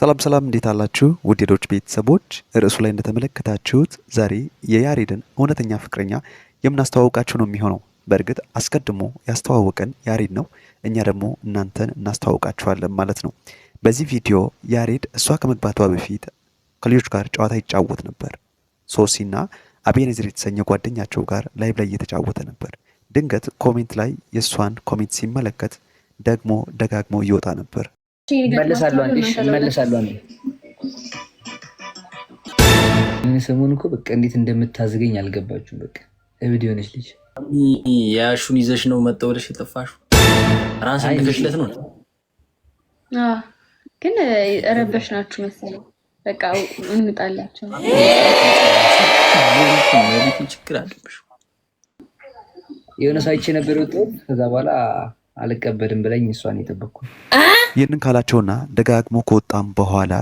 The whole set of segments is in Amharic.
ሰላም ሰላም፣ እንዴት አላችሁ? ውዴዶች ቤተሰቦች፣ ርዕሱ ላይ እንደተመለከታችሁት ዛሬ የያሬድን እውነተኛ ፍቅረኛ የምናስተዋውቃችሁ ነው የሚሆነው። በእርግጥ አስቀድሞ ያስተዋወቀን ያሬድ ነው። እኛ ደግሞ እናንተን እናስተዋውቃችኋለን ማለት ነው። በዚህ ቪዲዮ ያሬድ እሷ ከመግባቷ በፊት ከልጆች ጋር ጨዋታ ይጫወት ነበር። ሶሲና አቤኔዘር የተሰኘ ጓደኛቸው ጋር ላይብ ላይ እየተጫወተ ነበር። ድንገት ኮሜንት ላይ የእሷን ኮሜንት ሲመለከት ደግሞ ደጋግሞ ይወጣ ነበር። እመለሳለሁ እመለሳለሁ። ሰሞኑን እኮ በቃ እንዴት እንደምታዝገኝ አልገባችሁም። በቃ እብድ የሆነች ልጅ ያሹን ይዘሽ ነው መጠ መጠወደሽ የጠፋሹ ራስ ግለሽለት ነው። ግን ረበሽ ናችሁ መሰለኝ። በቃ እንጣላቸው ችግር አለብሽ። የሆነ ሳይቼ ነበር ወጥ ከዛ በኋላ አልቀበድም ብለኝ እሷን የጠበቅኩ ይህንን ካላቸውና ደጋግሞ ከወጣም በኋላ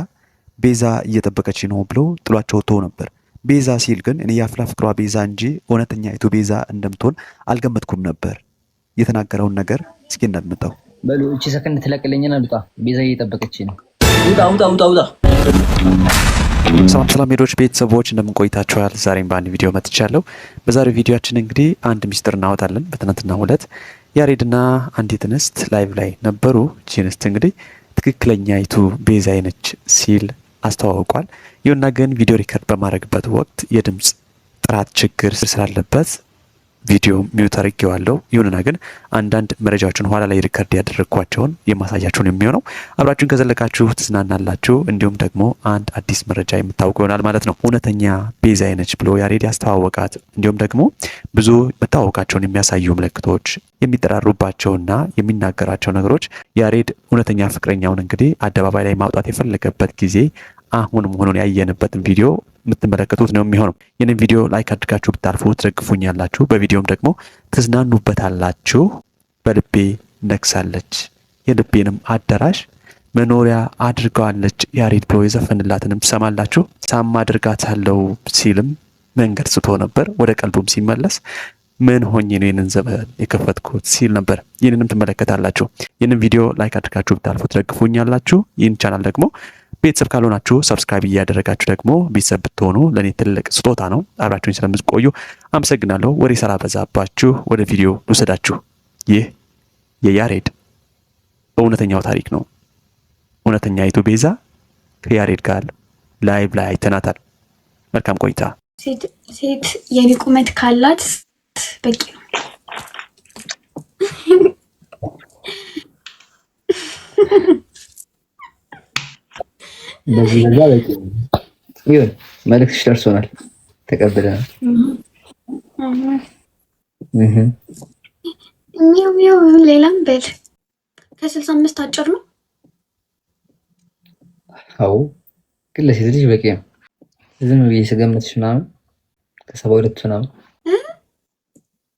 ቤዛ እየጠበቀች ነው ብሎ ጥሏቸው ወጥቶ ነበር። ቤዛ ሲል ግን እኔ የአፍላ ፍቅሯ ቤዛ እንጂ እውነተኛ ይቱ ቤዛ እንደምትሆን አልገመትኩም ነበር። የተናገረውን ነገር እስኪ እናድምጠው። በሉ እቺ ሰከንድ ትለቅልኝና ልጣ። ቤዛ እየጠበቀች ነው። ውጣ ውጣ ውጣ። ሰላም ሰላም ሄዶች ቤተሰቦች እንደምን ቆይታችኋል? ዛሬም በአንድ ቪዲዮ መጥቻለሁ። በዛሬው ቪዲዮችን እንግዲህ አንድ ሚስጥር እናወጣለን። በትናንትናው ዕለት ያሬድና አንዲት እንስት ላይቭ ላይ ነበሩ። ይቺ እንስት እንግዲህ ትክክለኛይቱ ቤዛ ነች ሲል አስተዋውቋል። ይሁና ግን ቪዲዮ ሪከርድ በማድረግበት ወቅት የድምፅ ጥራት ችግር ስላለበት ቪዲዮ ሚዩት አድርጌዋለሁ። ይሁንና ግን አንዳንድ መረጃዎችን ኋላ ላይ ሪከርድ ያደረግኳቸውን የማሳያችሁን የሚሆነው አብራችሁን ከዘለቃችሁ ትዝናናላችሁ። እንዲሁም ደግሞ አንድ አዲስ መረጃ የምታውቁ ይሆናል ማለት ነው። እውነተኛ ቤዛ ነች ብሎ ያሬድ ያስተዋወቃት እንዲሁም ደግሞ ብዙ መታወቃቸውን የሚያሳዩ ምልክቶች የሚጠራሩባቸውና የሚናገራቸው ነገሮች ያሬድ እውነተኛ ፍቅረኛውን እንግዲህ አደባባይ ላይ ማውጣት የፈለገበት ጊዜ አሁን መሆኑን ያየንበትን ቪዲዮ የምትመለከቱት ነው የሚሆነው። ይህንን ቪዲዮ ላይክ አድርጋችሁ ብታልፉ ትደግፉኛላችሁ፣ በቪዲዮም ደግሞ ትዝናኑበታላችሁ። በልቤ ነግሳለች የልቤንም አዳራሽ መኖሪያ አድርገዋለች ያሬድ ብሎ የዘፈንላትንም ትሰማላችሁ። ሳም አድርጋታለው ሲልም መንገድ ስቶ ነበር ወደ ቀልቡም ሲመለስ ምን ሆኝ ነው ይህንን ዘመን የከፈትኩት ሲል ነበር። ይህንንም ትመለከታላችሁ። ይህንን ቪዲዮ ላይክ አድርጋችሁ ብታልፉ ትደግፉኛላችሁ። ይህን ቻናል ደግሞ ቤተሰብ ካልሆናችሁ ሰብስክራይብ እያደረጋችሁ ደግሞ ቤተሰብ ብትሆኑ ለእኔ ትልቅ ስጦታ ነው። አብራችሁኝ ስለምትቆዩ አመሰግናለሁ። ወሬ ሰራ በዛባችሁ ወደ ቪዲዮ ልውሰዳችሁ። ይህ የያሬድ እውነተኛው ታሪክ ነው። እውነተኛ ይቱ ቤዛ ከያሬድ ጋር ላይቭ ላይ አይተናታል። መልካም ቆይታ። ሴት የኔ ቁመት ካላት ሁለት በቂ ነው። በዚህ ነገር በቂ ነው። ይሁን መልእክትሽ ደርሶናል፣ ተቀብለናል። ሚው ሚው ሌላም በል ከስልሳ አምስት አጭር ነው። አዎ ግን ለሴት ልጅ በቂ ነው። ዝም ብዬ ስገምትሽ ምናምን ከሰባ ሁለት ምናምን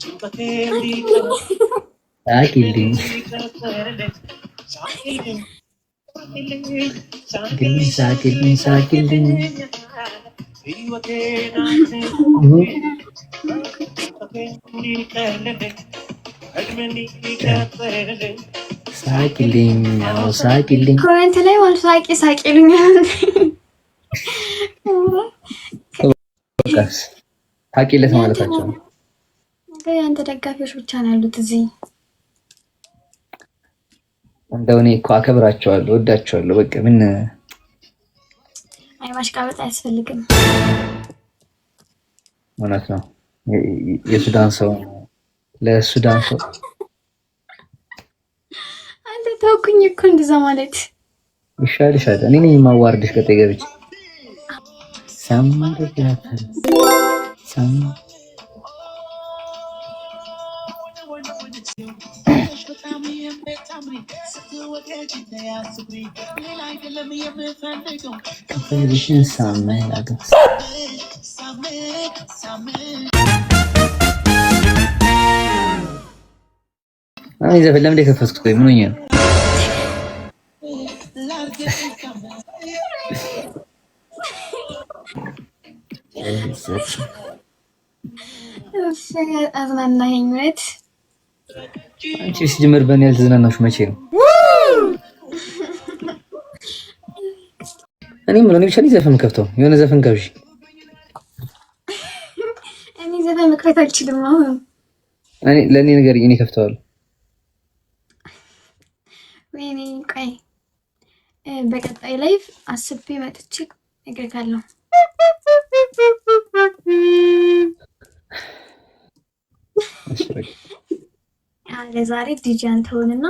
Sakit din. Sakit din, sakit din, sakit din. ሳቂልኝ ያው ሳቂልኝ ኮሜንት ላይ ወል ሳቂ ሳቂልኝ ሳቂለት ማለታቸው ነው። ያንተ ደጋፊዎች ብቻ ነው ያሉት እዚህ። እንደው እኔ እኮ አከብራቸዋለሁ፣ ወዳቸዋለሁ። በቃ ምን አይ ማሽቃበጥ አያስፈልግም። እውነት ነው። የሱዳን ሰው ለሱዳን ሰው አንተ ተውኩኝ እኮ እንደዛ ማለት ይሻልሻል። እኔ ነኝ የማዋርድሽ ከጠገብች ሳማ Böyle insanlar herhalde. Ama İzabel'den bile kafası kutuyor. Bunu yiyorum. Şey, Все, а в мене гімрить. አንቺ ሲጀምር በእኔ ያልተዝናናሽ መቼ ነው? እኔ ምን ብቻ ዘፈን ከፍተው የሆነ ዘፈን ከብሽ እኔ ዘፈን መክፈት አልችልም። አሁን ለእኔ ነገር እኔ ከፍተዋል። ወይኔ ቆይ በቀጣይ ላይፍ አስቤ መጥቼ እገጋለሁ። ለዛሬ ዲጂ አንተ ሆንና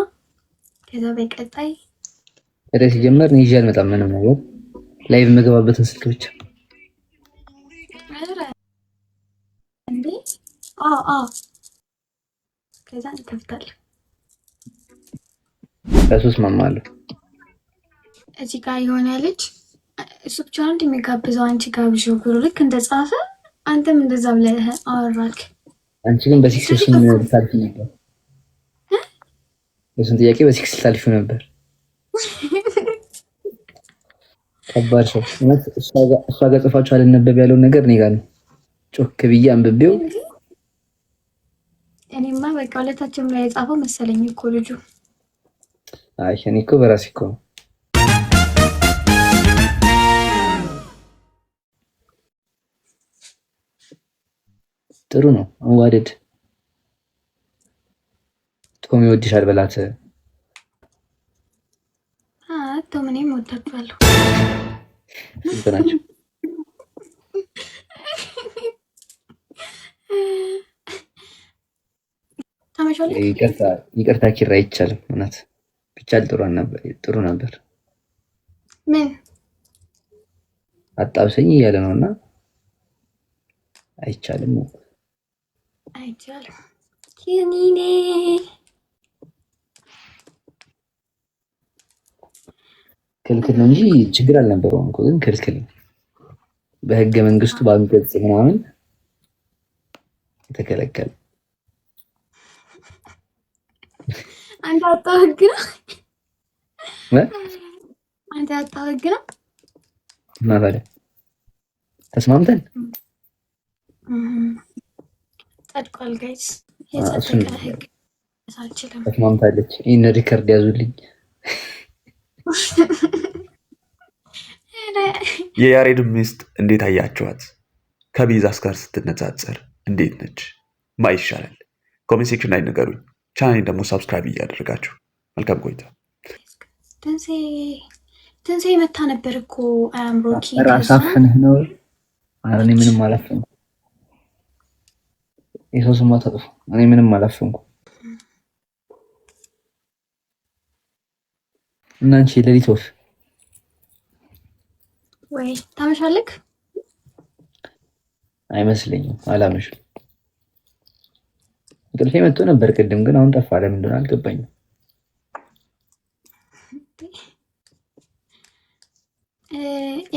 ከዛ በቀጣይ ወደ ሲጀመር ነው ይዤ አልመጣም። ምንም ነገር ላይቭ የምገባበትን ስልክ ብቻ እንዴ? አዎ አዎ። ከዛ እንከፍታለን። ከሱስ ማማለሁ እዚህ ጋር የሆነ ልጅ እሱ ብቻ ነው እንደሚጋብዘው። አንቺ ልክ አንተም እንደዛ ብለህ አወራክ። አንቺ ግን ነበር የሱን ጥያቄ በሲክስ ልታልፊ ነበር። ከባድ ሰው እውነት። እሷ ጋር ጽፋችሁ አልነበብ ያለውን ነገር እኔ ጋር ነው ጮክ ብዬ አንብቤው። እኔማ በቃ ሁለታችን ላይ የጻፈው መሰለኝ እኮ ልጁ። አይ እኔ እኮ በራሴ እኮ ነው። ጥሩ ነው አዋደድ ቶም ይወድሻል በላት። ቶም እኔም ወዳችኋለሁ ናቸው። ይቅርታ ኪራ አይቻልም። እውነት ብቻል ጥሩ ነበር። ምን አጣብሰኝ እያለ ነው እና አይቻልም አይቻልም ክልክል ነው እንጂ ችግር አልነበረውም እኮ ግን ክልክል በህገ መንግስቱ በአንቀጽ ምናምን የተከለከለ አንተ ያወጣው ህግ ነው። አንተ ያወጣው ህግ ነው። እና ታዲያ ተስማምተን ጋይስ ተስማምታለች። ይህን ሪከርድ ያዙልኝ። የያሬድ ሚስት እንዴት አያችኋት? ከቤዛስ ጋር ስትነጻጸር እንዴት ነች? ማ ይሻላል? ኮሜንት ሴክሽን ላይ ንገሩኝ። ቻናሌን ደግሞ ሳብስክራይብ እያደረጋችሁ መልካም ቆይታ። ትንሴ መታ ነበር እኮ አያምሮኪ ራሳፍንህ ነው። እኔ ምንም አላፍንኩ። የሰው ስማ ተጥፎ እኔ ምንም አላፍንኩ። እና አንቺ የሌሊት ወፍ ወይ ታመሻለክ? አይመስለኝም። አላመሽም። እንቅልፌ መጥቶ ነበር ቅድም፣ ግን አሁን ጠፋ። ለምን እንደሆነ አልገባኝም።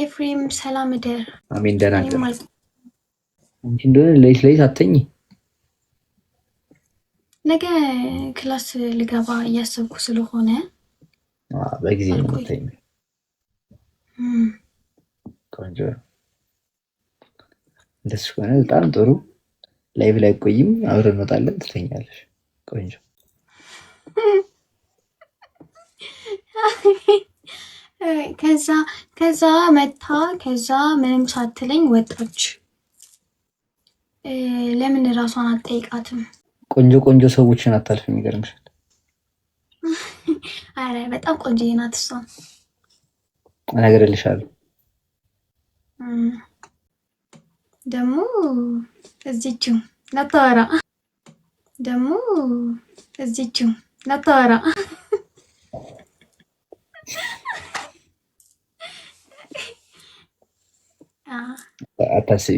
ኤፍሬም ሰላም እደር። አሜን። ደህና እደር። አንቺ እንደሆነ ሌሊት ሌሊት አተኝ። ነገ ክላስ ልገባ እያሰብኩ ስለሆነ በጊዜ ነው የምታይኝ። ቆንጆ እንደሱ ከሆነ በጣም ጥሩ። ላይቭ ላይ ቆይም አብረን እንወጣለን፣ ትተኛለሽ። ቆንጆ ከዛ ከዛ መታ ከዛ ምንም ሳትለኝ ወጣች። ለምን እራሷን አትጠይቃትም? ቆንጆ ቆንጆ ሰዎችን አታልፍ። የሚገርምሽ አረ በጣም ቆንጆ ናት። እሷ እነግርልሻለሁ። ደግሞ እዚችው ላታወራ ደግሞ እዚችው ላታወራ አታስቢ።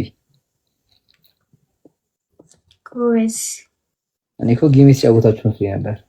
ጎበዝ። እኔ እኮ ጌሜ ሲጫወታችሁ መስሎኝ ነበር።